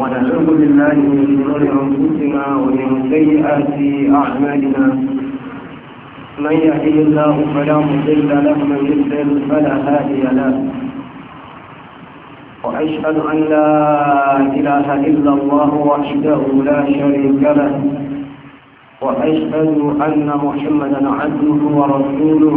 ونعوذ بالله من شرور أنفسنا ومن سيئات أعمالنا من يهدي الله فلا مضل له من يضلل فلا هادي له وأشهد أن لا إله إلا الله وحده لا شريك له وأشهد أن محمدا عبده ورسوله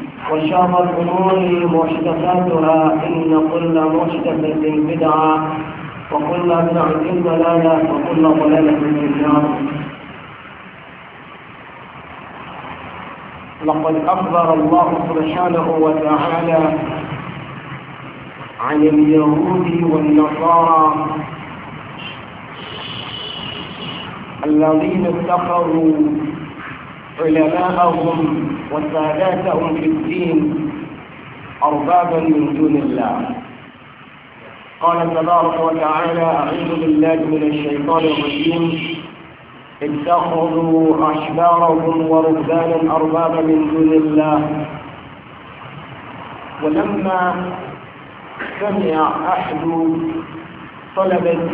وشر الأمور محدثاتها إن كل محدثة بدعة وكل بدعة ضلالة وكل ضلالة في النار لقد أخبر الله سبحانه وتعالى عن اليهود والنصارى الذين اتخذوا علماءهم وساداتهم في الدين أربابا من دون الله قال تبارك وتعالى أعوذ بالله من الشيطان الرجيم اتخذوا أحبارهم ورهبانا أربابا من دون الله ولما سمع أحد طلبة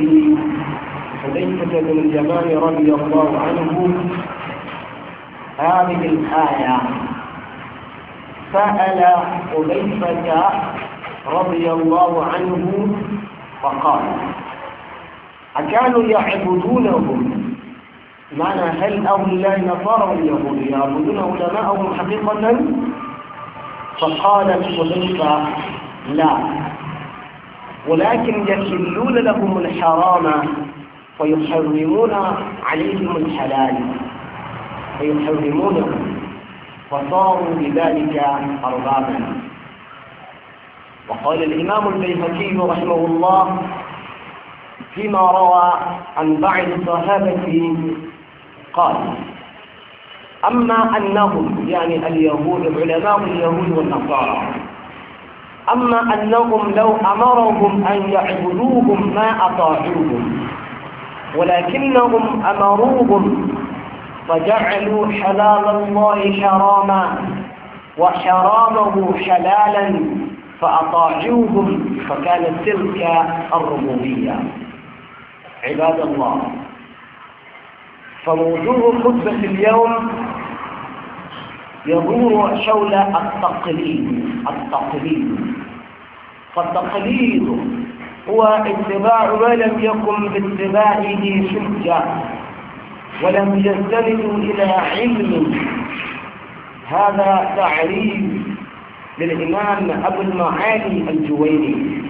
حذيفة بن اليمان رضي الله عنه هذه الآية سأل حذيفة رضي الله عنه فقال أكانوا يعبدونهم معنى هل أولى نصارى اليهود يعبدون علماءهم حقيقة فقالت حذيفة لا ولكن يحلون لهم الحرام فيحرمون عليهم الحلال فيحرمونه فصاروا بذلك أربابا وقال الإمام البيهقي رحمه الله فيما روى عن بعض الصحابة قال أما أنهم يعني اليهود علماء اليهود والنصارى أما أنهم لو أمرهم أن يعبدوهم ما أطاعوهم ولكنهم أمروهم فجعلوا حلال الله حراما وحرامه حلالا فأطاعوهم فكانت تلك الربوبية عباد الله فموضوع خطبة اليوم يدور حول التقليد التقليد فالتقليد هو اتباع ما لم يكن باتباعه شجة ولم يستندوا إلى علم هذا تعريف للإمام أبو المعالي الجويني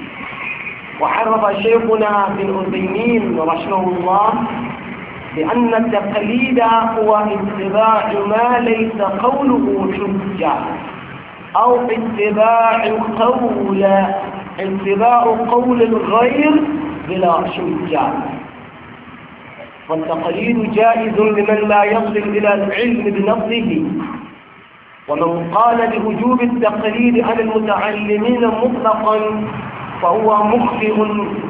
وعرف شيخنا ابن عثيمين رحمه الله بأن التقليد هو اتباع ما ليس قوله حجة أو اتباع قول اتباع قول الغير بلا حجة والتقليد جائز لمن لا يصل إلى العلم بنفسه ومن قال بوجوب التقليد عن المتعلمين مطلقا فهو مخطئ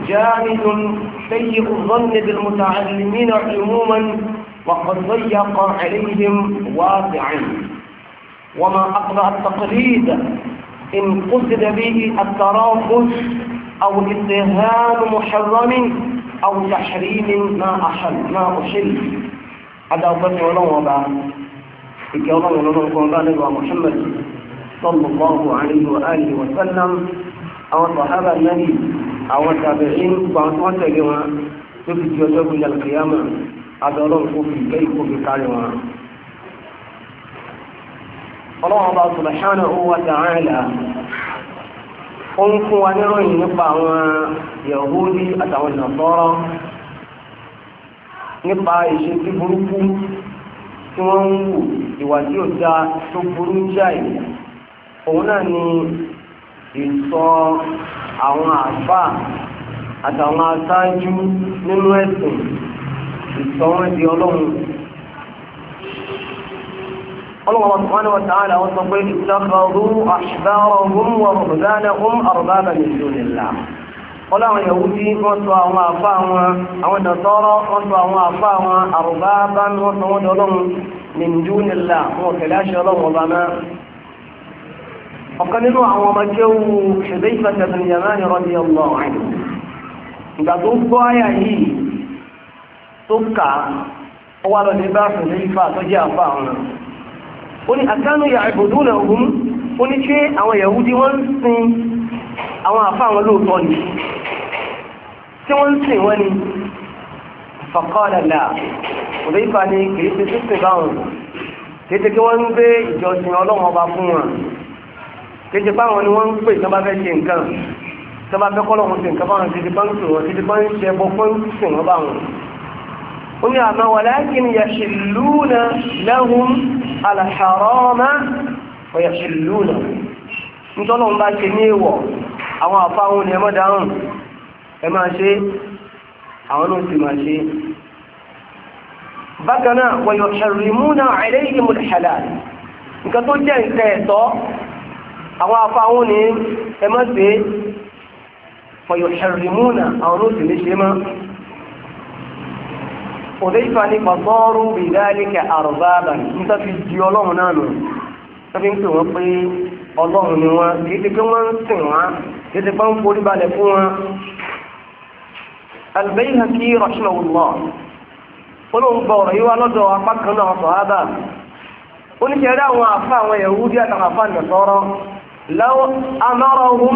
جامد سيء الظن بالمتعلمين عموما وقد ضيق عليهم واسعا وما أقرأ التقليد إن قصد به التراخص أو اتهام محرم àwọn tàṣírí ní máa òṣèlú adáwọ̀pẹ́ ní ọlọ́wọ́n ọba ìkẹ́ ọlọ́wọ́n ọlọ́wọ́n kan bá nígbà Muhammad sallallahu alayhi wa alihi wa sallam àwọn sàhábà náà àwọn tàbíìn gbàǹtàn tẹ̀lé wọn tó fi di ọjọ́ gbìyànjú àlùkìyàmà adọ́lọ́ kò fi ìkẹ́ ìkó fi kárí wọn. ọlọ́wọ́n ọba subhanahu wa ta'ala ó ń fún wa níròyìn nípa àwọn Yahudi àtàwọn Nasara nípa ìṣe tí burúkú tí wọ́n ń wù ìwà tí ó da tó burú jáì òun náà ni ìsọ àwọn àgbà àtàwọn aṣáájú nínú ẹ̀sìn ìsọ الله سبحانه وتعالى وصفين اتخذوا أحبارهم ورهبانهم أربابا من دون الله ọláwọn yahudi wọ́n sọ àwọn àfá wọn àwọn dàtọ́rọ wọ́n sọ àwọn àfá wọn àrùbá bá ní wọ́n sọ wọ́n dọ́lọ́run min dunillah wọn kẹlẹ aṣọ ọlọ́run ọba náà ọ̀kan nínú tó gbọ́ àyà Oni ní ya ibuduna òun oni ní ṣé àwọn Yahudi wọ́n ń sin àwọn àfa àwọn lóòótọ́ ni tí wọ́n ń sìn ni faqala la òbí ìfà ni kìí ṣe sísìn báwọn kéde kí wọ́n ń gbé ìjọsìn ọlọ́wọ́n ọba fún kete kéde báwọn ni wọ́n ń pè tó ṣe nǹkan tó bá fẹ́ kọ́ lọ́wọ́n ṣe nǹkan báwọn títí bá ń sòrò títí bá ń ṣe ẹbọ fún sìn wọn báwọn oní àmà walakin yashilluna lahum al-harama wa yashilluna nítọ́lọ̀ ń bá ṣe ní èwọ̀ àwọn àfáwọn ni ẹmọ́ dáhùn ẹ máa ṣe àwọn náà sì máa ṣe bákan náà wa yuharrimuna òdèyífà ní pàtọ́rù bìdáníkà àrùbáàbà ní tó fi di ọlọ́run náà nù tó fi ń pè wọ́n pé ọlọ́run ni wọ́n kìí ti pé wọ́n ń sìn wọ́n kìí ti pé ń forí balẹ̀ fún wọn. Al-Bayhaqi rahimahullah olóhùn gba ọ̀rọ̀ yìí lọ́dọ̀ apá kan náà sọ̀hábà oníṣẹ́rí àwọn àfa àwọn Yahudi àtàwọn àfa nàṣọ́rọ́ law amarahum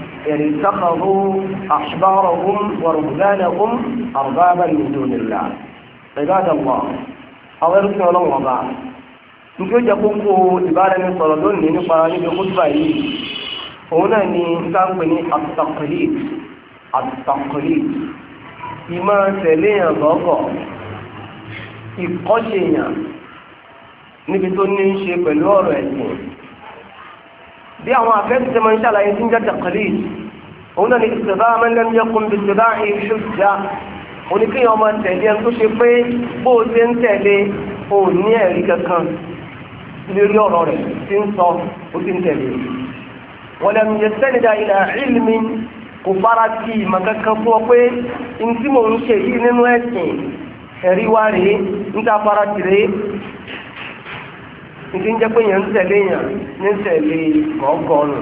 يعني اتخذوا أحبارهم ورهبانهم أربابا من دون الله عباد الله أو يرسل الله بعد nígbà ó jẹ́ kókó ìbáraẹni sọ̀rọ̀ lónìí nípa níbi kútùbà yìí òun náà ni ká ń pè ní at-taqlid ìmọ̀ tẹ̀lé èèyàn lọ́gọ̀ ìkọ́ṣe èèyàn níbi tó ní í ṣe pẹ̀lú ọ̀rọ̀ ẹ̀sìn bí àwọn afẹ́sí máa ń ṣàlàyé tí ń jẹ́ taqlid òun náà ni ìṣẹ̀bá mẹ́lẹ́m yẹkùn bí ìṣẹ̀bá ìṣòjá oníkéèyàn máa tẹ̀lé ẹni tó ṣe pé bó o ṣe ń tẹ̀lé o ní ẹ̀rí kankan lórí ọ̀rọ̀ rẹ̀ tí ń sọ ó ti ń tẹ̀lé kò fara ti ìmọ̀ fún ọ pé n tí mò ń ṣe yìí nínú ẹ̀sìn ẹ̀rí rèé ń ta fara nítí ń jẹ́ pé yẹn ń tẹ̀lé yẹn ní tẹ̀lé gọ́gọ́nù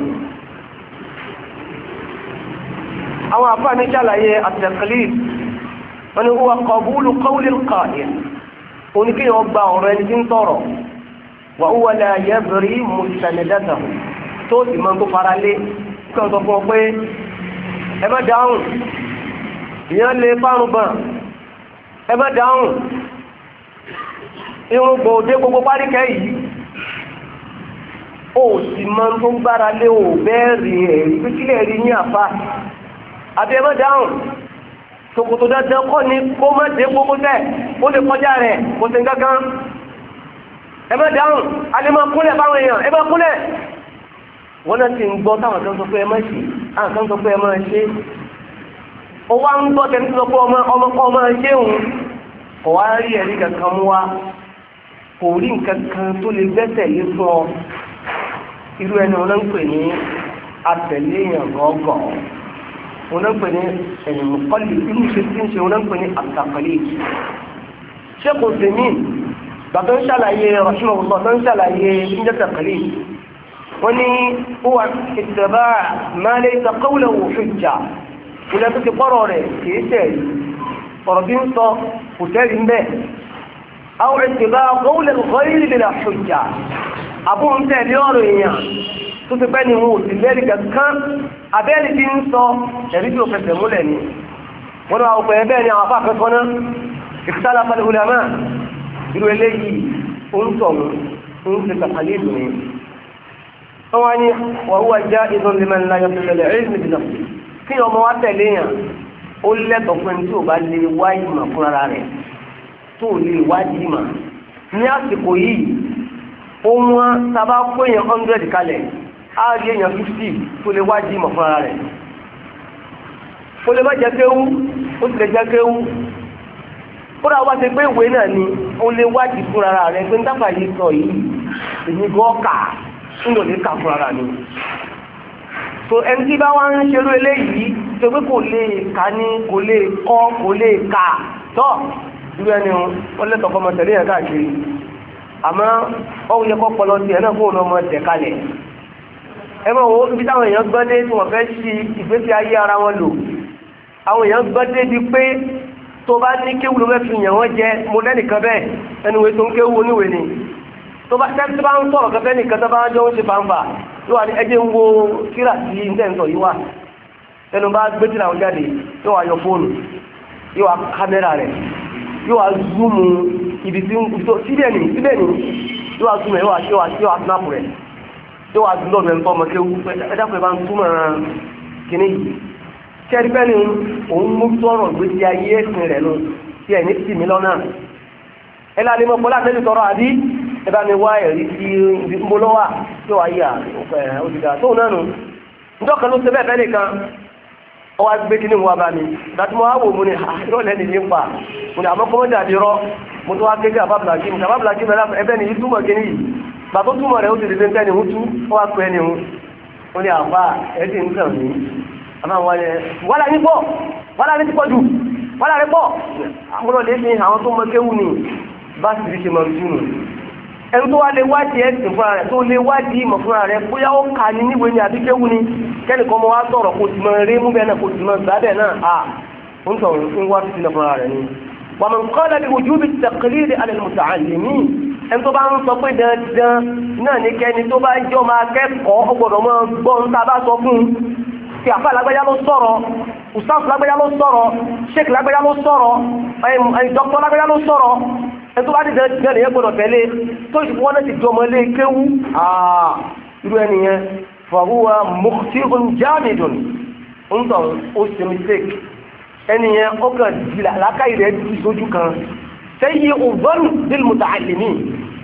àwọn àbá ní ṣàlàyé at-taqlid wọn ni huwa qabulu qawli al-qa'il oníkéyàn gba ọ̀rọ̀ ẹni tí ń tọ̀rọ̀ wà huwa la yabri mustanidatahu tó sì máa ń tó fara lé kí wọ́n sọ fún ọ pé ẹ má dáhùn ìyẹn lè fárùn bàn ẹ má dáhùn irun gbòde gbogbo páríkẹ́ yìí ó sì máa tó gbára lé ò bẹ́ẹ̀rì ẹ̀rí pé kílẹ̀ rí ní àfa àbí ẹ má dáhùn tòkòtò dandan kọ́ ni kó má dé gbogbo tẹ̀ ó lè kọjá rẹ̀ kò sí gángan ẹ má dáhùn alẹ́ máa kúnlẹ̀ báwọn èèyàn ẹ má kúnlẹ̀ wọ́n náà ti ń gbọ́ táwọn kan sọ pé ẹ má ṣe àwọn kan sọ pé ẹ má ṣe ó wá ń gbọ́ tẹ̀lé sọ pé ọmọ kọ́ ọmọ ṣé òun kò wá rí ẹ̀rí kankan mú wa kò rí nǹkan kan tó lè gbẹ́sẹ̀ lé fún ọ irú ẹni olóńpè ní atẹ̀léyàn gọ́gọ́ olóńpè ní ẹ̀yìnkọ́lì irú ṣe tí ń ṣe olóńpè ní àtàkọ́lì ṣé kò sí ní bàtọ́ ń ṣàlàyé ọ̀ṣun ọ̀gbọ̀n tó ń ṣàlàyé ìjẹ́ tàkọ́lì wọ́n ní ó wà ìtẹ̀bá máa lè sàkọ́wùlẹ̀ òfin jà ilẹ̀ tó ti pọ́rọ̀ rẹ̀ kìí tẹ̀lé ọ̀rọ̀ bí ń sọ kò tẹ́lẹ̀ ń bẹ́ẹ̀ àwọn ìtẹ̀bá kọ́wùlẹ̀ kọ́ àbúrò tẹ̀lé ọ̀rọ̀ èèyàn tó ti pẹ́ ni wọn ò sì lẹ́rìí kankan abẹ́rẹ́ ti ń sọ ẹ̀rí tí ò fẹsẹ̀ múlẹ̀ ni wọ́n máa pẹ̀ bẹ́ẹ̀ ni àwọn afá kankan náà ìfúsálà pẹ̀lú ulama irú eléyìí orúkọ̀ọ̀mù ń ṣe ni wọ́n wá ní wàhúwà já ìdán lè máa ń láyọ̀ pẹ̀lẹ̀ ẹ̀rí ìdìnà kí ọmọ yìí ohun tàbá kó èèyàn 100 kalẹ̀ á rí èèyàn 50 tó lè wájí mọ̀ fúnra rẹ̀ ó lè má jẹ́ kéwú ó sì lè jẹ́ kéwú kódà wá ti pé ìwé náà ni ó lè wájí fúnra rẹ̀ pé ń dábà yìí sọ yìí èmi gan kà nínú lè kà fúnra mi so ẹni tí bá wá ń ṣerú eléyìí tó pé kò lè kà ní kò lè kọ́ kò lè kà tọ́ irú ẹni wọn lẹ́tọ̀ọ́ fọmọ tẹ̀lé yẹn káàkiri àmọ́ ọ̀hún yẹ kọ́ pọlọ tiẹ̀ náà kóun ọmọ tẹ̀ kalẹ̀ ẹ mọ̀ wọ́n ibi táwọn èèyàn gbọ́n dé tí wọ́n fẹ́ ṣi ìgbésí ayé ara wọn lò àwọn èèyàn gbọ́n dé di pé tó bá ní kéwù ló fẹ́ fi yàn wọ́n jẹ mo lẹ́nìkan bẹ́ẹ̀ ẹnu wo tó ń kéwù oníwe ni tó bá tẹ́ tí bá ń sọ̀rọ̀ kẹfẹ́ nìkan tó bá jọ ń ṣe fanfa ló wà ní ẹjẹ́ ń wo kíra sí iṣẹ́ ń sọ yìí wà ẹnu bá gbé tí làwọn jáde yóò wá yọ fóònù yóò wá kámẹ́rà rẹ̀ yóò wá zoomu ibi tí tó síbẹ̀ ní síbẹ̀ ní yóò wá zoomu ẹ̀ yóò wá yóò wá yóò wá snap rẹ̀ yóò wá zoomu lọ́dún ẹ̀ ń bọ́ ọmọ kéwú ẹ̀dá pé bá ń túmọ̀ kíní yìí kẹ́rí bẹ́ẹ̀ ni òun mú tọrọ gbèsè ayé ẹ̀sìn rẹ̀ lọ tí ẹ̀ ní tì mí lọ́nà ẹ láti mọ̀ pọ́lá àtẹ́lẹ̀ tọrọ àbí ẹ bá mi wá ẹ̀rí sí ibi ń bolówà yóò wá yà ó ti dà tóun ọwá gbé kí ní wọ́n bá mi láti mọ́ àwò mú ní àìrọ̀lẹ́ ah, ní nípa mú ní àmọ́ kọ́ dàbí rọ́ mú tó wá ké kí àbábìlà kí mú àbábìlà kí mẹ́lá ẹbẹ́ ni ìtumọ̀ kí ní yìí bàbá túmọ̀ rẹ̀ ó ti dìde ń tẹ́ni hútú ó wá pẹ́ ni hún ó ní àbá ẹ̀dì ń tàn mí àbáwọn ẹ̀ wàlá ní pọ̀ wàlá ní ti pọ̀ jù wàlá rẹ̀ pọ̀ àmúlọ̀ lé ní àwọn tó mọ kéwù ni bá sì rí ṣe mọ̀ jù nù ẹni tó wá lè wádìí ẹ̀sìn fúnra rẹ̀ tó lè wádìí ìmọ̀ fúnra rẹ̀ bóyá ó kà ní níwèé ni àbí kéwu ni kẹ́nìkan mọ́ wá sọ̀rọ̀ kò sì mọ eré mú bẹ́ẹ̀ náà kò sì mọ sábẹ́ náà à ń sọ ń wá sí ilẹ̀ fúnra rẹ̀ ni. wàmí nǹkan lẹ́bi ojú bí tẹ̀kílì alẹ́lùmọ̀tà àlèmí ẹni tó bá ń sọ pé dandan náà ní kẹ́ni tó bá jọ máa kẹ́kọ̀ọ́ gbọ́dọ̀ máa gbọ́ ẹ̀tọ́ bá dìde jẹ́ nìyẹn gbọ́dọ̀ tẹ̀lé tó ìṣùkú wọn ti jọmọ lé kéwú ah, irú ẹnìyẹn fàwúwa mọ̀tíhùn jáàmìdùn ń tàn ó ṣe mistake ẹnìyẹn ó kàn di làákàyè rẹ̀ di sójú kan sẹ́yìn ògbọ́n bíl mùtàlìmí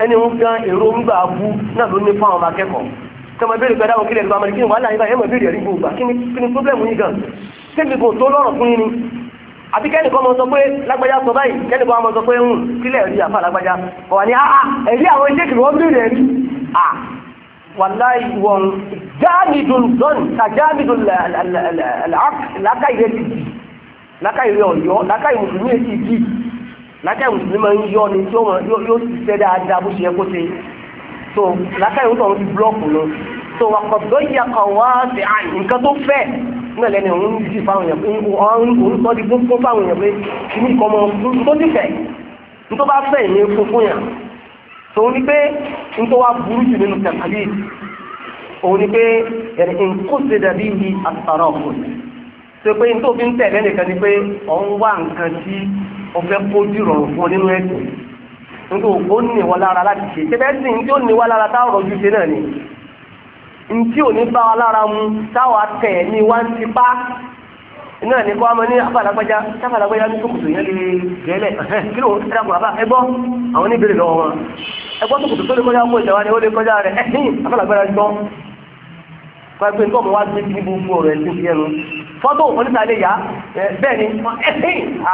ẹni ń gan èròǹgbà abú náà ló ní fáwọn ọmọ akẹ́kọ̀ọ́ tọmọ ìbéèrè gbẹdá wọn kílẹ̀ lọ́wọ́ amẹ́ríkì wàhálà yìí báyìí ẹ̀mọ̀ ìbéèrè rí gbogbo kí ni problem yìí gan tó lọ́rọ̀ fún yín ni àbí kẹ́nìkan mọ̀ sọ pé lágbájá sọ báyìí kẹ́nìkan mọ̀ sọ pé ń sílẹ̀ rí àfà lágbájá ọ̀wà ní àà ẹ̀rí àwọn iṣẹ́ kìí wọ́n bèèrè rí à wàláì wọn jáàmìdùn zọ́n ta jáàmìdùn lákàìrẹ́ ti di lákàìrẹ́ ọ̀yọ́ lákàì mùsùlùmí ti di lákàì mùsùlùmí máa ń yọ ni tí yóò ti ṣiṣẹ́ dáadáa bó ṣe yẹ kó ṣe so lákàì ń tọ̀ ń fi búlọ́ọ̀kù lọ so wà kọ̀dọ̀ yà kọ̀ wá sí àì nǹkan tó fẹ́ náà lẹ́nu òun jì fáwọn èèyàn òun sọ́ di fún fáwọn èèyàn pé kì ní kọ́ mọ́ tó nífẹ̀ tó bá fẹ́ ìní fún fún yàn tó ní pé n tó wá burú jù nínú tẹ̀kálí òun ni pé yẹn nǹkó ṣe dàbí ní àtàrà ọ̀pọ̀ tó pé n tó fi ń tẹ̀lé nìkan ni pé òun wá nǹkan tí ọ̀fẹ́ kojú rọrùn fún ọ nínú ẹ̀sìn nítorí ó ní lára láti ṣe tẹ́fẹ́ sí ní tí ó ní lára táwọn ọ̀rọ̀ ṣe náà ni ntí onye baa bá wa lára mu táwa tẹ̀ ní wá ń tipá náà ní kó a mọ ní afọlágbájá sáfàlágbájá ní àwọn oníbèrè lọ́wọ́ wọn ẹgbọ́ tó lè kọjá ìjọba ni ó lè kọjá rẹ̀ ẹ̀hìn afọlágbájá gbọ́ kọ́ ẹgbẹ́ nǹkan ọmọ wa gbé ní gbogbo ọ̀rọ̀ ẹ̀sìn ẹnu fọ́tò oníta lè yá bẹ́ẹ̀ ni ẹ̀hìn lè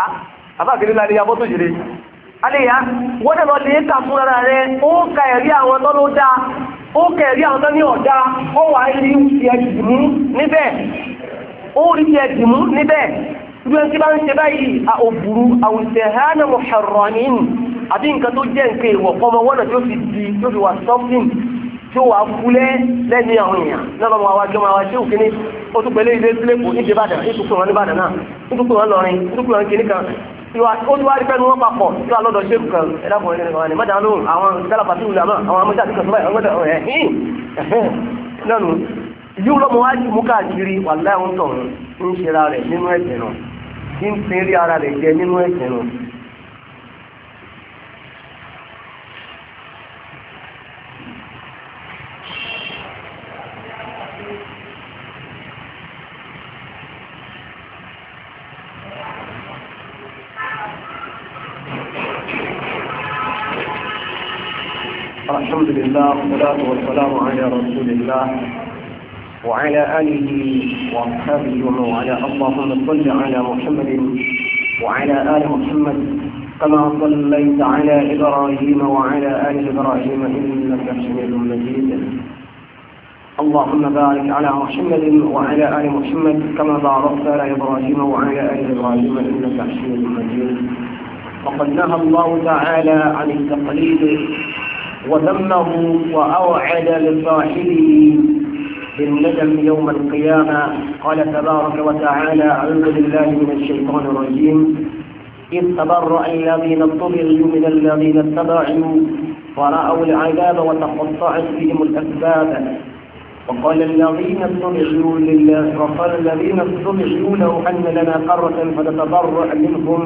yá fọ́tò ó kẹ̀rí àwọn tán ní ọ̀dá ó wà rí ti ẹ̀dì mú níbẹ̀ ó rí ti ẹ̀dì mú níbẹ̀ ibi ẹni tí bá ń ṣe báyìí a ò burú àwùjẹ hánà mo ṣàrọ̀ yín àbí nǹkan tó jẹ́ nǹkan ìwọ̀ ọmọ wọ́nà tó fi di tó fi wà something tí ó wà fúlẹ̀ lẹ́ni àwọn èèyàn lọ́nà ọmọ àwájọ́ ọmọ àwájọ́ òkè ní ó tún pẹ̀lú ilé sílẹ̀kù ní ìdíbàdàn ní ìtúkùn wọn ní ìbàdàn náà ní ìtúkùn wọn lọrin ní ìtúkùn wọn kìnnìkan olùwárí fẹ́nu wọn papọ̀ tí wọ́n lọ́dọ̀ ṣéèkù kan ẹ̀dàpọ̀ ẹ̀rẹ́ wọn ni mẹ́ta lóhùn àwọn sálàpà tí ìlàmọ́ àwọn amọ́jà tí kọ̀sọ́bà ìwọ́n gbọ́dọ̀ ẹ̀ hìn náà nù yíò lọ́mọ wá mú káàkiri wà láwọn tọ̀hún ń ṣe ara rẹ̀ nínú الحمد لله والصلاة والسلام على رسول الله وعلى آله وأصحابه ومن والاه اللهم صل على محمد وعلى آل محمد كما صليت على إبراهيم وعلى آل إبراهيم إنك حميد مجيد اللهم بارك على محمد وعلى آل محمد كما باركت على إبراهيم وعلى آل إبراهيم إنك حميد مجيد وقد نهى الله تعالى عن التقليد وذمه وأوعد لصاحبه بالندم يوم القيامة قال تبارك وتعالى أعوذ بالله من الشيطان الرجيم إذ تبرأ الذين اتبعوا من الذين اتبعوا ورأوا العذاب وتقطعت بهم الأسباب وقال الذين اتبعوا لله وقال الذين اتبعوا له أن لنا قرة فتتبرأ منهم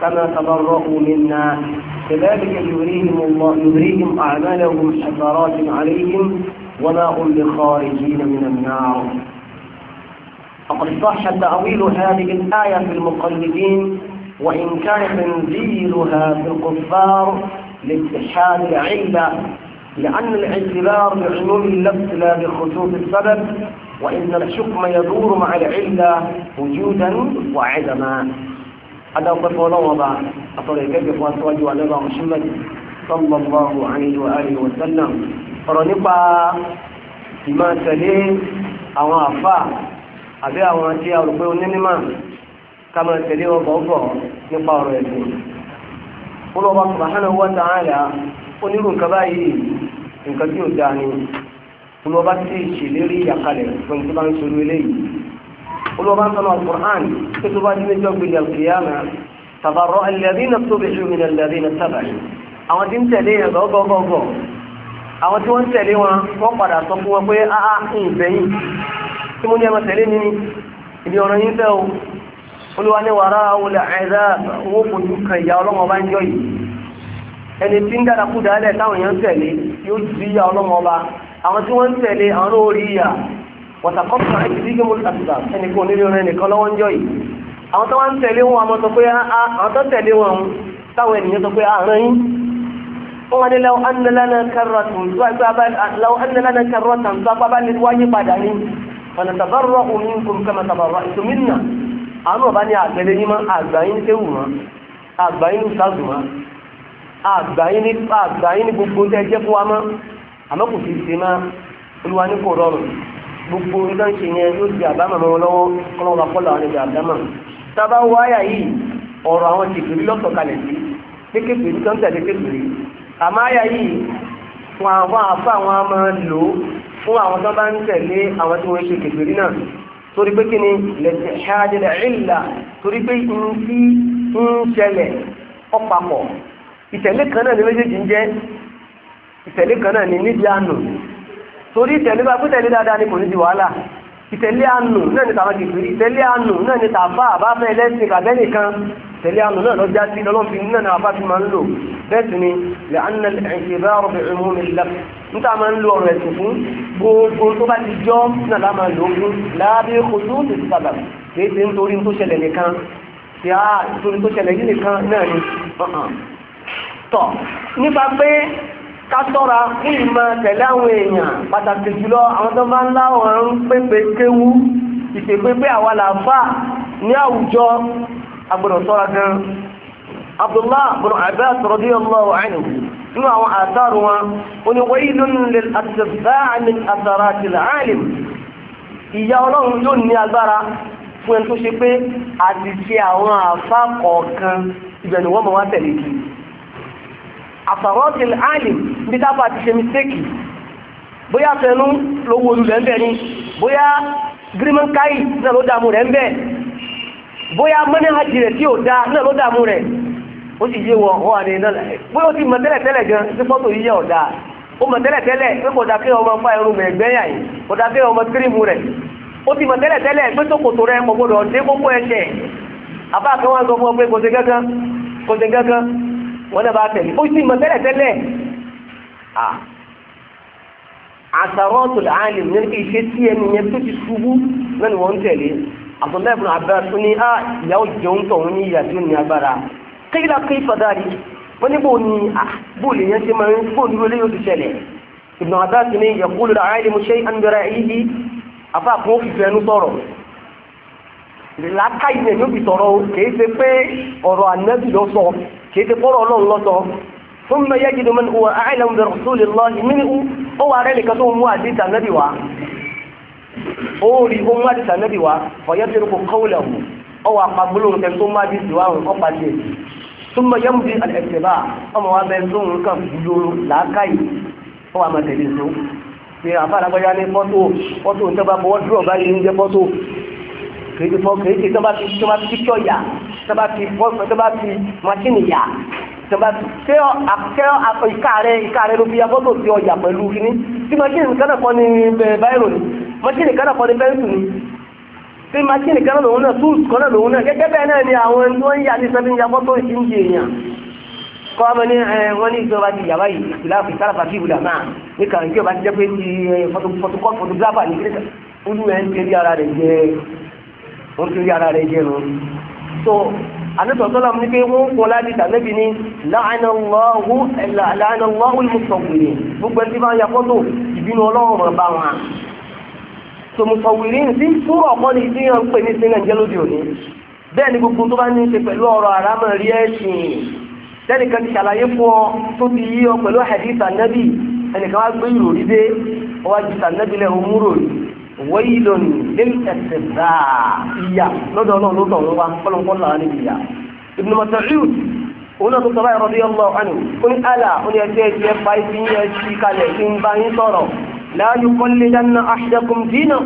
كما تبرؤوا منا كذلك يريهم الله يريهم أعمالهم حسرات عليهم وما هم بخارجين من النار فقد صح تأويل هذه الآية في المقلدين وإن كان تنزيلها في الكفار لاتحاد العلة لأن الاعتبار بعموم اللبس لا بخصوص السبب وإن الحكم يدور مع العلة وجودا وعدما adáwọ̀pẹ́fẹ́ ọlọ́wọ́ bá àtọ̀rọ̀ ìgẹ́gẹ́ fún aṣíwájú alẹ́bà Muhammad sallallahu alayhi wa alihi wa sallam ọ̀rọ̀ nípa ìmọ̀ tẹ̀lé àwọn àfà àbí àwọn tí a rò pé onímọ̀ ká máa tẹ̀lé ọgbọ̀ ọgbọ̀ nípa ọ̀rọ̀ ẹ̀sìn olùwà subhanahu wa ta'ala onírú nǹkan báyìí nǹkan tí ò dáa ni olùwà bá ti ṣèlérí ìyàkalẹ̀ fún ìtura ń ṣolú eléyìí olùwàbá sọ̀rọ̀ alukur'an tó tó bá dín ní jọ́ gbélé alukiyama tabarọ́ alẹ́bínà tó bẹ̀ ṣùgbọ́n ní alẹ́bínà tábà àwọn tí ń tẹ̀lé yẹn gọ́gọ́gọ́gọ́ àwọn tí wọ́n ń tẹ̀lé wọn wọ́n padà sọ fún wọn pé áá ń bẹ̀yìn tí mo ní ẹmọ tẹ̀lé mi ni ìdí ọ̀rọ̀ yín fẹ́ o olúwa ní wàrà olè àìdá owó kò ju kan ìyá ọlọ́mọ ọba ń jọ yìí ẹni tí ń dára kú dáadáa táwọn èèyàn tẹ̀lé yóò ju ìyá ọlọ́mọ ọba àwọn tí wọ́n ń tẹ̀lé àwọn náà rí ìyá wọ̀tàkọ́pù àìsídígé mú àtìgbà ẹnìkan onílé orin nìkan lọ́wọ́ ń jọ yìí àwọn tó wá ń tẹ̀lé wọn àmọ́ sọ pé ah, ah, àwọn tó tẹ̀lé wọn táwọn ènìyàn sọ pé àárín ah, yín wọ́n wá ní lọ́wọ́ annalana karratan tó apá bá lè wáyé padà ní ọ̀nà tàbárọ̀ omi ń kún kama tàbárọ̀ ìtòmínà àwọn ọba ní àgbẹ̀lẹ̀ yín máa àgbáyín ní tẹ́wù wọn àgbáyín ní sáàzù wọn àgbáyín ní gbogbo gbogbo ń dán ṣe yẹn yóò di àbámọ̀ mọ́ wọn lọ́wọ́ kọ́lọ́wọ́ akọ́lọ́ àwọn ẹ̀jẹ̀ àbámọ̀ tábà wáyà yìí ọ̀rọ̀ àwọn tìkìrì lọ́sọ̀ kalẹ̀ sí kékeré tó ń tẹ̀lé kékeré àmọ́ àyà yìí wọn àwọn àfa àwọn a máa lò ó fún àwọn tó bá ń tẹ̀lé àwọn tí wọ́n ṣe kékeré náà torí pé kíni lẹ́sẹ̀ ṣáájẹlẹ̀ ìlà torí pé n tí ń ṣẹlẹ̀ ọ̀pàpọ̀ ìtẹ̀lé kan náà ni méjèèjì ń jẹ́ ìtẹ̀lé kan náà torí ìtẹ̀lé bá pé tẹ̀lé dáadáa ni kò ní di wàhálà ìtẹ̀lé àánú náà ní tàwọn kìfì ìtẹ̀lé àánú náà ní tàfà àbáfẹ́ ẹlẹ́sìn kàbẹ́nì kan ìtẹ̀lé àánú náà lọ́jà sí lọ́lọ́fi náà ní àbá fi máa ń lò bẹ́ẹ̀ sì ni lè án nà ẹ̀yẹ bá rọ̀ bẹ̀rẹ̀ mú mi lọ níta máa ń lo ọ̀rọ̀ ẹ̀sìn fún gbogbo tó bá ti jọ́ náà lá kátọ́ra fún ìmọ̀ tẹ̀lé àwọn èèyàn pàtàkì jùlọ àwọn tó máa ń láwọn ń pépè kéwú ìpèpépé àwa làáfà ní àwùjọ agbọ̀dọ̀ tọ́ra gan abdullah bin abbas radiyallahu anhu nínú àwọn àtàrù wọn ó ní waylun lil atba'a min atharatil alim ìyá ọlọ́run yóò ní agbára fún ẹni tó ṣe pé àti ṣe àwọn àfá kọ̀ọ̀kan ibẹ̀ mọ̀ wá tẹ̀lé kí atharatil alim bí tápà ti ṣe mistéèkì bóyá fẹnu ló wo olùlẹ̀ ń bẹ̀ ni bóyá gírímọ̀nkáì náà ló dààmú rẹ̀ ń bẹ̀ bóyá mọ́nìhàjì rẹ̀ tí ò da náà ló dààmú rẹ̀ ó sì yé wọ ọ àdéhùn náà bóyá ó ti mọ̀ tẹ́lẹ̀tẹ́lẹ̀ gan sí fọ́tò yíyẹ ọ̀dà ó mọ̀ tẹ́lẹ̀tẹ́lẹ̀ pé kò dákẹ́ ọmọ fá irun rẹ̀ gbẹ́yà yìí kò dákẹ́ ọmọ kírímù rẹ̀ ó ti mọ̀ tẹ́lẹ̀tẹ́lẹ̀ pé sókòtò rẹ̀ kò gbọdọ̀ dé gbogbo ẹsẹ̀ àbá kan wọn sọ fún ọ pé à àtàrọ́tò láàrin ní kí iṣẹ́ tí ẹni yẹn tó ti ṣubú náà ni wọ́n ń tẹ̀lé àtúndà ìbùnà abẹ́rẹ́ tó ní à ìyàwó jẹun tọ̀hún ní ìyà tí ó ní agbára kéyìlá kéyì fàdáàrí wọ́n ní bò ní bóòlù yẹn ṣe máa ń bóòlù olóyè ó ti ṣẹlẹ̀ ìbùnà abẹ́rẹ́ tó ní yẹ̀kúlù láàrin mo ṣe àmìbẹ̀rẹ̀ yìí afa kò fi fẹnu sọ̀rọ̀ làákàyè ní òbí sọ̀rọ̀ kèé ṣe pé ọ̀rọ̀ ànẹ́bì lọ sọ kèé ṣe pọ́rọ̀ ọlọ́run lọ ثم يجد من هو أعلم برسول الله منه هو عليك كتوم واديت النبي وا أوري أم واديت النبي وا فيترك قوله أو قبلون كتوم واديت وا وقبلت ثم يمضي الاتباع أما وابنزون كفجور لا كاي هو ما تلزم ṣe àfàlàgbọ́yá ní fọ́tò fọ́tò tó bá bọ́ dúró báyìí ń jẹ́ fọ́tò kìí fọ́ tó bá fi kíkọ́ yà tó bá fi mọ́ṣínì yà tọba ṣé akẹ́ ìka rẹ ìka rẹ ló fi abọ́tò sí ọjà pẹ̀lú kíní tí machine kan náà kọ́ ni báyìí ni machine kan náà kọ́ ni bẹ́ńsù ni tí machine kan náà lòun náà tools kan náà lòun náà gẹ́gẹ́ bẹ́ẹ̀ náà ni àwọn ẹni tó ń yà ní sẹ́bí ní abọ́tò ìṣí ń di èèyàn kọ́ ọmọ ní wọ́n ní ìjọba ti yàrá yìí ìlàfi sárafa bíi ìwúlà náà ní kàn ní ìjọba ti jẹ́ pé ti fọtukọ́ fotográfà ní kíríkà olú ẹ̀ ń tẹ̀lé ara rẹ̀ jẹ́ ń tẹ̀lé ara rẹ̀ jẹ́ nù. so àníṣọ̀tọ́lá mú pé wọ́n kọ́ láti tàbí ní láàánàlọ́wọ́ ìmùsọ̀wìrì gbogbo ẹni tí bá ń yakọ́tò ìbínú ọlọ́run mọ̀ bá wọn so mùsọ̀wìrì sí túrọ̀ kọ́ ni tí wọ́n ń pè ní sí nàìjẹ́ lóde òní bẹ́ẹ̀ ni gbogbo tó bá ní ṣe pẹ̀lú ọ̀rọ̀ àrámọ̀ rí ẹ̀sìn tẹ́nìkan ti ṣàlàyé fún ọ tó ti yí ọ pẹ̀lú hadith ànábì ẹnìkan wá gbé ìròrí dé ọwájú ànábì lẹ́hùn wọ́yìlò ní ẹ̀sẹ̀dá ìyà lọ́dọ̀ náà ló tọ̀ wá kọ́lọ̀kọ́lọ̀ lára níbi ìyà Ibn Mas'ud òun náà tó sọ báyìí radiyallahu anhu ó ní àlà ó ní ẹgbẹ́ ẹgbẹ́ ẹgbà ìfi yẹn ṣí kalẹ̀ kí n bá yín sọ̀rọ̀ la yuqallidanna ahadakum dinahu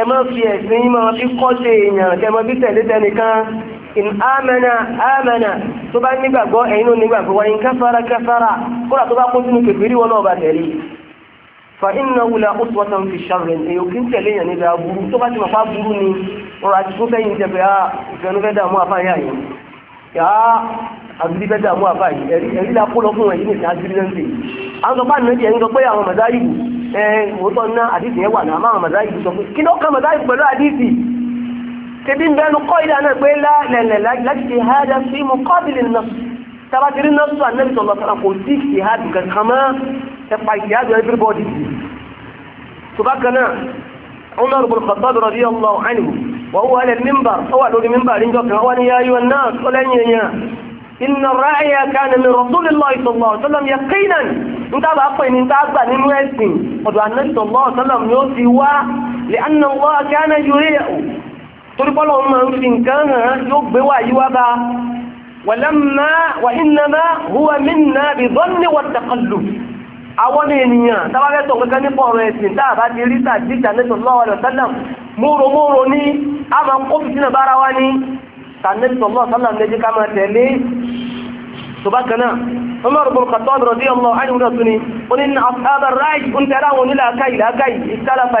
ẹ máa fi ẹ̀sìn máa fi kọ́ ṣe èèyàn kẹ máa fi tẹ̀lé tẹnìkan in amana amana tó bá nígbàgbọ́ ẹ̀yin ò nígbàgbọ́ wa in kafara kafara kó fa inna wula uswatan fi sharri èyàn kí n tẹ̀lé èyàn níbi aburú tó bá ti mọ̀pá burú ni ọ̀rọ̀ àti tó fẹ́yìn jẹ́ pé ìfẹ́nu fẹ́ dààmú àfà yà yìí yà á àbílí fẹ́ dààmú àfà ẹ̀rí la kó lọ fún ẹ̀yìn nìkan àbílí náà àwọn sọ fáànù ẹ̀yìn sọ àwọn ẹ̀pà ìyájọ́ everybody tubakanáà Umar bin Khattab radiyallahu anhu wa huwa ala al-minbar ó wà lórí mímbà níjọ́ kan wá ní ya ayyuhan nas ó lẹ́yìn ẹ̀yà inna ar-ra'ya kana min rasulillahi sallallahu alaihi wasallam yaqinan níta bá pè ní tágbà nínú ẹ̀sìn ọ̀dọ̀ Ànábì sallallahu alaihi wasallam ni ó ti wá li anna Allah kana wà yíwá àwọn ènìyàn tàbábẹ́ tó kankan nípa ọ̀rọ̀ ẹ̀sìn tá a bá ti rí tàjíjà nẹ́tọ̀ lọ́wọ́ rẹ̀ sálẹ̀ múrò múrò ní a máa ń kó fìtínà bára wá ní tànẹ́tọ̀ lọ́wọ́ sálẹ̀ méjì ká máa tẹ̀lé tubakana umar bin khattab radiyallahu anhu da tuni wani na asaba rai un tara wani la kai la kai istalafa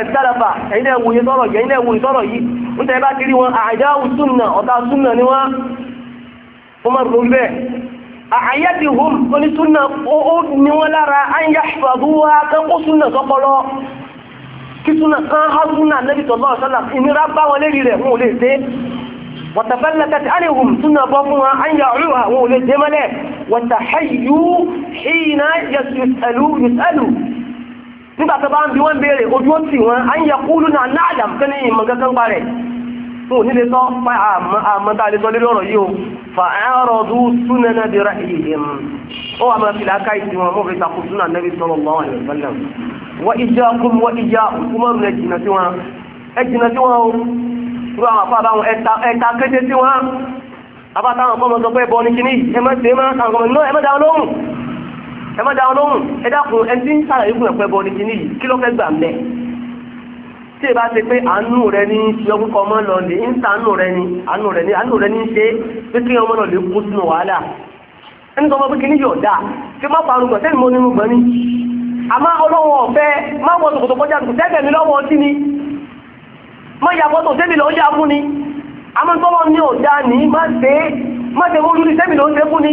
àyẹ́dì hùm onítúnà ó ní wọ́n lára ayá fàdúwà kankó súnà sọ́pọ̀lọ́ kí súnà kan há súnà lẹ́bí tọ́lọ́ ọ̀sánà ìnira bá wọn lérí rẹ̀ wọn ò lè dé wàtàfẹ́lẹ́tàtì àríhùm súnà bọ́ fún wọn ayá òrùwà wọn ò lè dé mọ́lẹ̀ wàtàhẹ́yú hìnà yẹsùlù tó nílé tọ́ fa àmọ́ta lè sọ lórí ọ̀rọ̀ yìí o fa a'radu sunana bi ra'yihim ó wà máa fi làákà ìsìn wọn mọ́ fi takò súnà nẹ́bí sallallahu alaihi wasallam wa iyyakum wa iyyakum rẹ̀ jìnà sí wọn ẹ jìnà sí wọn o irú àwọn afọ àbáwọn ẹta kété sí wọn abátáwọn ọmọ sọ pé bọ ní kíní ẹ má ṣe má àwọn ọmọ náà ẹ má dá wọn lóhùn tí ìbá ṣe pé àánú rẹ ní ṣe ọkùnkọ ọmọ lọ lè ń ta àánú rẹ ní àánú rẹ ní àánú rẹ ní ṣe pé kí ọmọ lọ lè kú sínú wàhálà ẹni tó ọmọ pé kí ní yọ̀ dáa kí má parun gbọ̀n sẹ́ni mo nínú gbọ̀n ni àmọ́ ọlọ́wọ́ ọ̀fẹ́ má wọ tòkòtò kọjá tó tẹ́tẹ̀ mi lọ́wọ́ sí ni má yàgbọ́ tó tẹ́mi lọ́ọ́ yá fún ni àmọ́ tọ́lọ́ ní ọ̀dà ní má ṣe má ṣe wọ́n lórí tẹ́mi lọ́ọ́ ṣe fún ni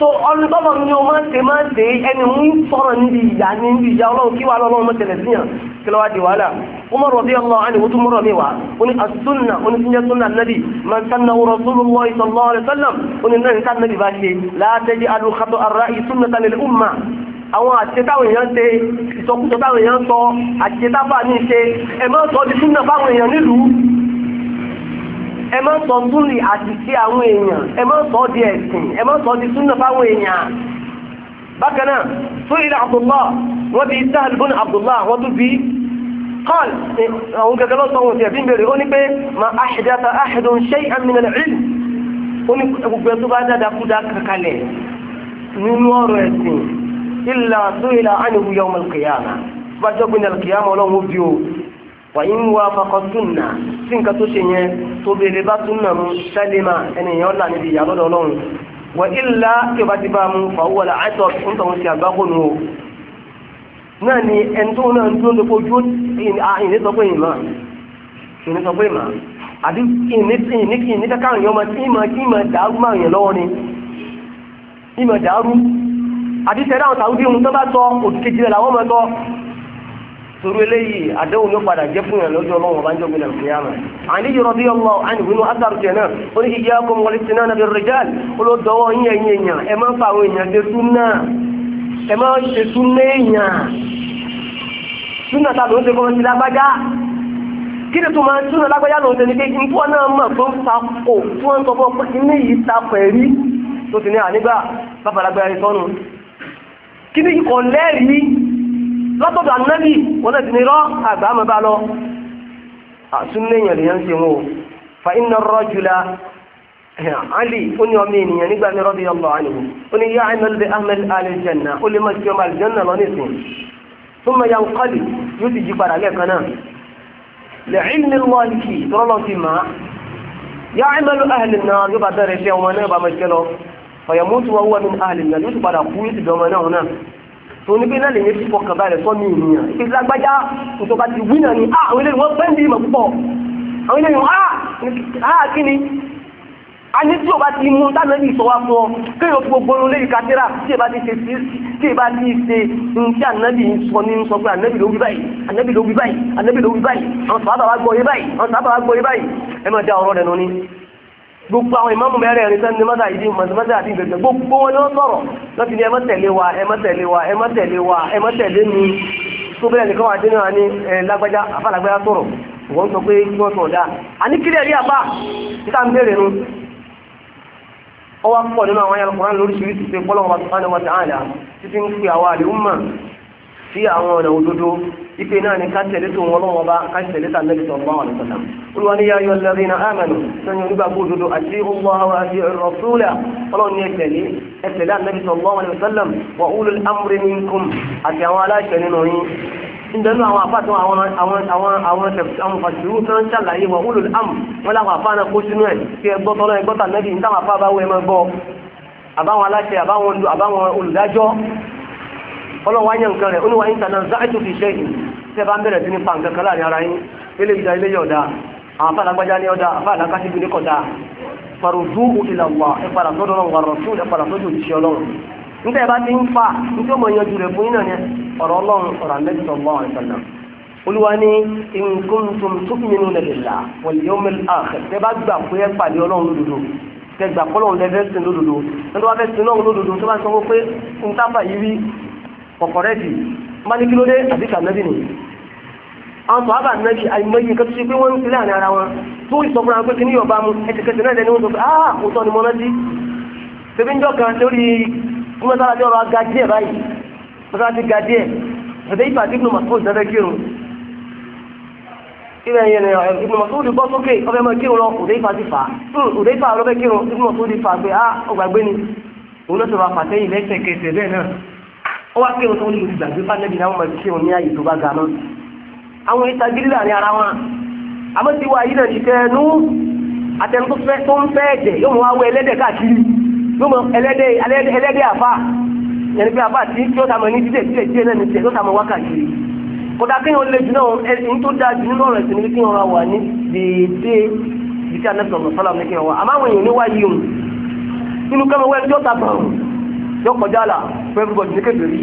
so ọdún tọ́bọ̀ ní o máa ń tẹ máa ń tẹ ẹni mú sọ̀rọ̀ níbi ìyá níbi ìyá ọlọ́run kí wà lọ́wọ́ ọmọ tẹ̀lẹ̀ síyàn kí lọ́wọ́ di wàhálà Umar radiyallahu anhu tó mọ́rọ̀ mi wá ó ní asúnà ó ní sínyẹ́ súnà nàbì máa ń sanna wọ́rọ̀ sólù wọ́ sallallahu alaihi wasallam ó ní náà nǹkan nàbì bá ṣe látẹ́jì alùkàtọ̀ ara ìsúnà tanil umma àwọn àṣetáwọn èèyàn ṣe ìsọkúsọ táwọn èèyàn sọ àṣetáfà ní ṣe ẹ̀mọ́ sọ ti súnà fáwọn èèyàn nílùú ẹ má sọ búrì àti sí àwọn èèyàn ẹ má sọ di ẹ̀sìn ẹ má sọ di súnà fáwọn èèyàn bákan náà fún ilẹ̀ Abdullah wọ́n bí Sahal bun Abdullah wọ́n tún bí قال هو قال صوت يا بن بري اوني ما احدث احد شيئا من العلم اوني ابو تو بعد دا كودا ككاله من ورثي الا سئل عنه يوم القيامه بعد يوم القيامه ولا مبيو wa wá fakọtúnà tí nǹkan tó ṣe yẹn tó béèrè bá túnà mú sálẹ́mà ẹnìyàn là níbi ìyá lọ́dọ̀ ọlọ́run wà ilá tí o bá ti bá la fàwọ́ là àìtọ́ ń tọ̀hún sí àgbákònú o náà ni ẹni tó náà ń dúró lóko ojú ìní sọ pé ìní sọ pé àbí ìní ìní ìní ọmọ tí dàrú máa ni dàrú àbí sọ̀rọ̀ eléyìí àdéhùn ló padà jẹ́ fún yàn lọ́jọ́ ọlọ́run ọba ń jọ gbìyànjú fún yàrá àní yọrọ bí ọlọ àyìnbínú asàrùtẹ náà ó ní ìyá ọkọ wọlé sí náà nàbẹ rẹjáàl olódọwọ yín ẹ̀yin èèyàn ẹ máa ń fa àwọn èèyàn ṣe tún náà ẹ máa ń ṣe tún léèyàn túnà tàbí ó ṣe kọ́ ti lágbájá kí ni tó máa túnà lágbájá lòún ṣe ni pé n fún ọ náà mọ̀ tó ń ta lọ́tọ̀dọ̀ ànábì wọn náà ti ní rọ́ àgbà máa bá lọ àtúnlé èèyàn lèèyàn ṣe wọn o fa iná rọ́jùlá ali ó ní ọmọ ènìyàn nígbà ní rọ́bì ọlọ́ àníwò ó ní yá ahmed bẹ ahmed alìjẹnà ó lè má ti ọmọ alìjẹnà lọ nísìn tó mọ yàn kọ́lì yóò ti jí padà lẹ́ẹ̀kan náà tó ní bí náà lè yẹ sí fọkàn balẹ̀ sọ ní ènìyàn ibi lágbájá nítorí bá ti wí náà ni ah, àwọn ilé wọn fẹ́ ń di ìmọ̀ púpọ̀ àwọn ilé wọn áà kí ni a ní tí o bá ti mú dáná ní ìsọwá fún ọ kéèyàn fún gbogbo olóyè kátírà tí ìbá ti ṣe sí tí ìbá ti ṣe ní tí ànábì ń sọ ní sọ pé ànábì ló wí báyìí ànábì ló wí báyìí ànábì ló wí báyìí àwọn sábà wa gbọ́ yé báyìí àwọn sábà wa gbọ́ yé báyìí ẹ máa da ọ̀rọ̀ rẹ̀ nù ni gbogbo àwọn ìmáàmù mẹ́rẹ̀ẹ̀rin sẹ́ni dị mọ́tà ìdí mọ́tà àti ìgbẹ̀gbẹ̀ gbogbo wọn ni wọ́n sọ̀rọ̀ lọ́ti ní ẹ wa ẹ má tẹ̀lé wa ẹ má tẹ̀lé wa ẹ tó bẹ́ẹ̀ nìkan wà ní ẹ lágbájá sọ̀rọ̀ wọ́n sọ pé kí wọ́n sọ̀ dáa kílẹ̀ rí níta ń nu ọwọ́ nínú àwọn ayélujára lóríṣiríṣi pé sí àwọn ọ̀nà òdodo ipe náà ni ká tẹ̀lé tó wọn lọ́wọ́ bá ká tẹ̀lé tà Nabi sallallahu alaihi wasallam olúwa ní yáyọ alladhina amanu sẹ́yìn onígbàgbọ́ òdodo àti Allah wa àti rasula ọlọ́run ní ẹ̀tẹ̀lé ẹ̀tẹ̀lé Nabi sallallahu alaihi wasallam wa ulul amri minkum àti àwọn aláṣẹ nínú yín ìdẹ̀lú àwọn àpáàtàn àwọn fàṣírú tó ń ṣàlàyé wa ulul ọlọ́wọ́ ayé nǹkan rẹ̀ ó ní wa tanaza'tu fi shay'in tẹ́ bá ń bẹ̀rẹ̀ sí ní pa nǹkan kan láàrin ara yín ilé ìdá ilé yọ̀ọ̀dá àwọn afá alágbájá ní ọ̀dá afá alákásí bí ní kọ̀dá farudúhu ila Allah ẹ padà sọ́dọ̀ ọlọ́run wa rasul ẹ padà sọ́dọ̀ òjíṣẹ́ ọlọ́run nígbà bá ti ń fa nígbà mọ̀ yanjú rẹ̀ fún yínà ni ọ̀rọ̀ ọlọ́run ọ̀rọ̀ àlẹ́bí sallallahu alaihi wasallam olúwa in kuntum tu'minuna billahi wal yawmil akhir tẹ́ bá gbà pé ẹ pàdé ọlọ́run lódodo tẹ́ gbà pé ọlọ́run lẹ́fẹ́ sin lódodo nígbà bá fẹ́ sin ọlọ́run lódodo tó bá sọ pé ń tábà yìí kọ̀kọ̀rẹ́ jì má ní kí ló dé àbí sàmẹ́bì ni àwọn sọ àbà nẹ́bì àìmọye kan tó ṣe pé wọ́n ń sílẹ̀ àní ara wọn tó ìsọfúnra pé kí ní ọba mu ẹ̀tẹ̀kẹ̀tẹ̀ náà lẹ́ni wọ́n sọ pé ah òótọ́ ni mo rántí ṣebí njọ́ kan lórí mọ́sára tí ọba ga díẹ̀ báyìí mọ́sára ti ga díẹ̀ ẹ̀fẹ́ ìfà tí ibùdó masoud ṣẹfẹ́ kírun ilẹ̀ yẹn ni eh, ibùdó masoud bọ́ sókè ọbẹ̀ mọ́ kírun lọ òde ìfà ti fà á òde ìfà lọ́bẹ̀ ó wá pé òun tó ń lu ìgbàgbé fánẹ́bì náà mọ̀ ṣé òun ní ààyè tó bá ga mọ́ àwọn ìta gírí láàrin ara wọn àmọ́ ti wá yìí náà ti tẹnu àtẹnu tó fẹ́ tó ń fẹ́ ẹ̀jẹ̀ yóò mọ awọ ẹlẹ́dẹ̀ káàkiri yóò mọ ẹlẹ́dẹ̀ ẹlẹ́dẹ̀ àfà ẹni pé àfà tí yóò tàmọ̀ ní dídẹ̀ dídẹ̀ díẹ̀ lẹ́nu tiẹ̀ yóò tàmọ̀ wákàkiri kódà kéèyàn lè jù náà ẹni tó dáa jù nínú ọ̀rọ̀ ẹ̀sìn ní kéèyàn ra wà ní déédé bíi tí anẹ́sọ̀rọ̀ sọ́lá ní kéèyàn wà àmọ́ àwọn èèyàn ní wáyé o nínú kẹ́mọ̀ wẹ́ẹ́ tí ó tàbọ̀ yóò kọjá àlà fún everybody ṣe kébèrè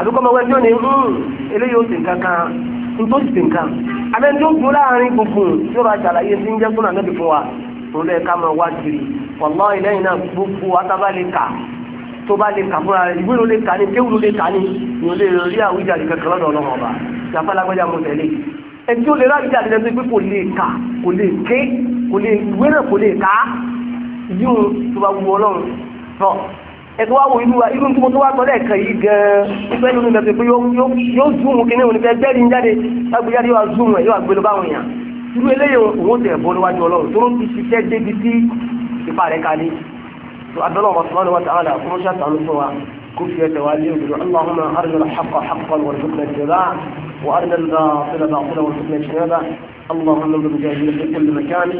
àbíkọ́ ọmọ ẹgbẹ́ ní hmm, eléyìí ó sì nǹkan kan tó sì nǹkan tó kú láàrin gbùngbùn tí ó ra ṣàlàyé tí ń jẹ́ súnà níbi fún wa òun lẹ́ẹ̀ká máa wá kiri ọ̀lá ìlẹ́yìn náà gbogbo atábá lè kà tó bá lè kà fúnra rẹ̀ ìwé ló lè kà ní kéwù ló lè kà ní ni lọ́dọ̀ ọlọ́mọ ọba lágbájá mo tẹ̀lé ẹni tí ó lè ráwíjà lè lẹ́sẹ̀ ẹ̀tọ́ wá wo irú irú tí mo tó wá sọ lẹ́ẹ̀kan yìí gan-an nípa ẹni olùmọ̀ pé yóò zoom kí ní onífẹ́ bẹ́ẹ̀ni jáde lágbèjáde yóò zoom ẹ̀ yóò àgbélé báwọn èèyàn irú eléyìí òun tẹ̀ bọ́ níwájú ọlọ́run tó ń ti ṣiṣẹ́ débi tí ipa rẹ̀ kalẹ̀ tó abẹ́lẹ́ ọmọ sọ́mọ́ni wọn tààlà kó ṣàtàlù fún wa kó fi ẹsẹ̀ wa lé òdodo allahumma arina al-haqqa haqqan wa rzuqna ittiba'a wa arina al-batila batilan wa rzuqna ijtinaba اللهم المجاهدين في كل مكان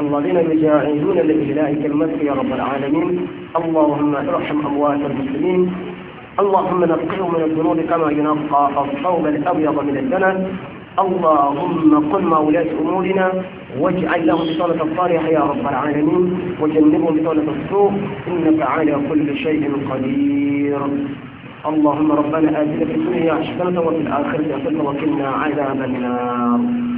الذين يجاهدون لإله كلمتك يا رب العالمين اللهم ارحم أموات المسلمين اللهم نبقيهم من الذنوب كما ينقى الثوب الأبيض من الدنس اللهم قل ما ولاة أمورنا واجعل لهم بطولة الصالحة يا رب العالمين وجنبهم بطولة السوء إنك على كل شيء قدير اللهم ربنا آتنا في الدنيا حسنة وفي الآخرة حسنة وقنا عذاب النار